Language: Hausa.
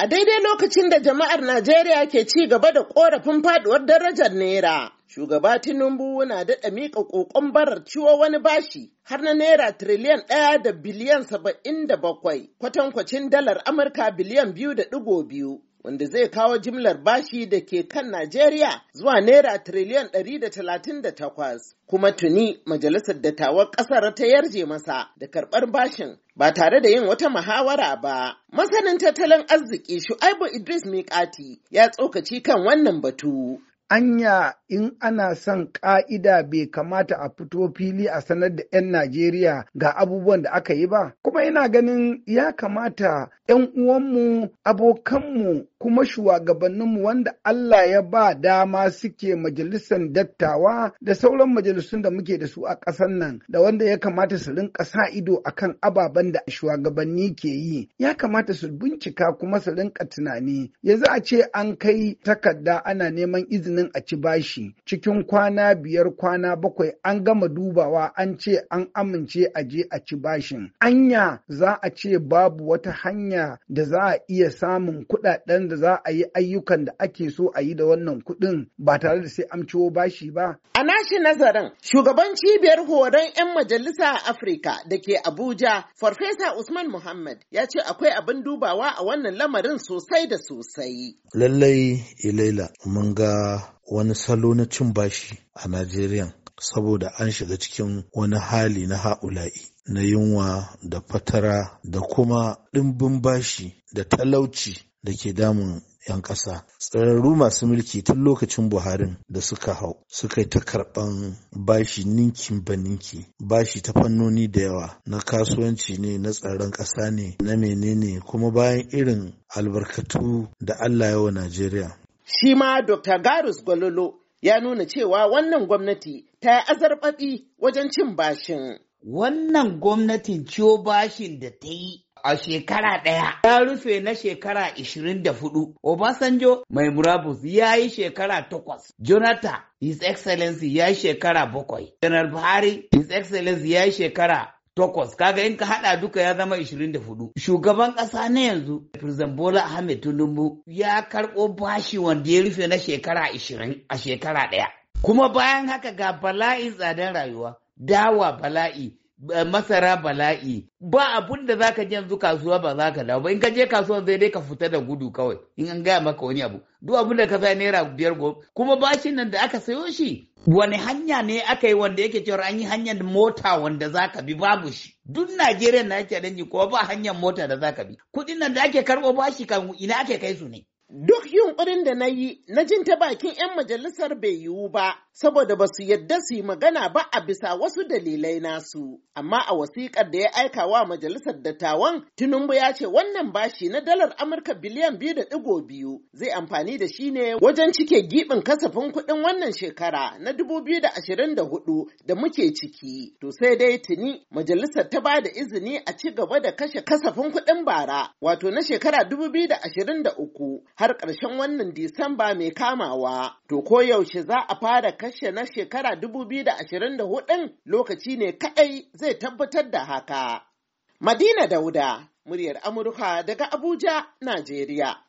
A daidai lokacin da jama'ar Najeriya ke ci gaba da korafin faduwar darajar Naira, shugaba Tinubu na daɗa miƙa ƙoƙon barar ciwo wani bashi har na Naira tiriliyan ɗaya da biliyan saba'in da bakwai, kwatankwacin dalar Amurka biliyan biyu da ɗigo biyu. Wanda zai kawo jimlar bashi da ke kan Najeriya zuwa Naira tiriliyan ɗari da talatin da takwas. Kuma tuni Majalisar Dattawan ƙasar ta yarje masa da karɓar bashin ba tare da yin wata muhawara ba. Masanin tattalin arziki Shu'aibu Idris Mikati ya tsokaci kan wannan batu. Anya in ana son ƙa'ida bai kamata a fito fili a sanar da 'yan Najeriya ga abubuwan da aka yi ba. Kuma ina ganin ya kamata 'yan uwanmu, abokanmu, kuma shugabanninmu wanda Allah ya ba dama suke majalisar dattawa da sauran majalisun da muke da su a ƙasar nan da wanda ya kamata su rinka sa ido a kan ababen da shugabanni ke yi ya kamata su bincika kuma su rinka tunani yanzu a ce an kai takarda ana neman izinin a ci bashi ce cikin kwana biyar kwana bakwai an gama dubawa an ce an amince a je a ci bashin anya za a ce babu wata hanya da za a iya samun kuɗaɗen da za a yi ayyukan da ake so a yi da wannan kuɗin ba tare da sai an ciwo bashi ba a nashi nazarin shugaban cibiyar horon 'yan majalisa a afirka da ke abuja farfesa usman muhammad ya ce akwai abin dubawa a wannan lamarin sosai da sosai lallai ilaila eh, mun ga wani salo na cin bashi a Najeriya saboda an shiga cikin wani hali na ha'ula'i na yunwa da fatara da kuma ɗimbin bashi da talauci da ke damun 'yan ƙasa. Tsararru masu mulki tun lokacin Buharin da suka hau suka yi ta karɓan bashi ninkin ba ninki, bashi ta fannoni da yawa na kasuwanci ne na tsaron ƙasa ne na menene kuma bayan irin albarkatu da Allah yawa Najeriya Shi ma Dr. Garus Gololo ya nuna cewa wannan gwamnati ta yi azarbaɓi wajen cin bashin. Wannan gwamnatin ciwo bashin da ta yi a shekara ɗaya ya rufe na shekara 24. Obasanjo mai murabus ya yi shekara takwas. Jonathan His Excellency ya yi shekara bakwai. Janar Buhari His Excellency ya yi shekara takwas kaga in ka hada duka ya zama 24 shugaban kasa na yanzu president bola ahmed tinubu ya karbo bashi wanda ya rufe na shekara 20 a shekara daya kuma bayan haka ga bala'in tsadar rayuwa dawa bala'i Eh, masara bala'i ba abun da zaka je yanzu kasuwa ba za ka dawo ba in ka je kasuwan zai dai ka fita da gudu kawai in an gaya maka wani abu duk abun da ka sai naira biyar gobe kuma bashin nan da aka sayo shi wani hanya ne aka yi wanda yake cewa an yi hanyar mota wanda za ka bi babu shi duk Najeriya na yake ko ba hanyar mota da za ka bi kuɗin nan da ake karɓo bashi kan ina ake kai su ne Duk yunkurin da na yi na jin ta bakin 'yan majalisar bai yiwu ba, saboda ba su yadda su yi magana ba a bisa wasu dalilai nasu. Amma a wasiƙar da ya aika wa majalisar dattawan, Tinubu ya ce wannan bashi na dalar Amurka biliyan biyu da ɗigo biyu zai amfani da shi ne wajen cike giɓin kasafin kuɗin wannan shekara na dubu biyu da ashirin da hudu da muke ciki. To sai dai tuni majalisar ta ba da izini a ci gaba da kashe kasafin kuɗin bara, wato na shekara dubu biyu da ashirin da uku. har ƙarshen wannan Disamba mai kamawa. To ko yaushe za a fara kashe na shekara dubu biyu da da ashirin 2024 lokaci ne kaɗai zai tabbatar da haka. Madina Dauda, muryar Amurka daga Abuja, Najeriya.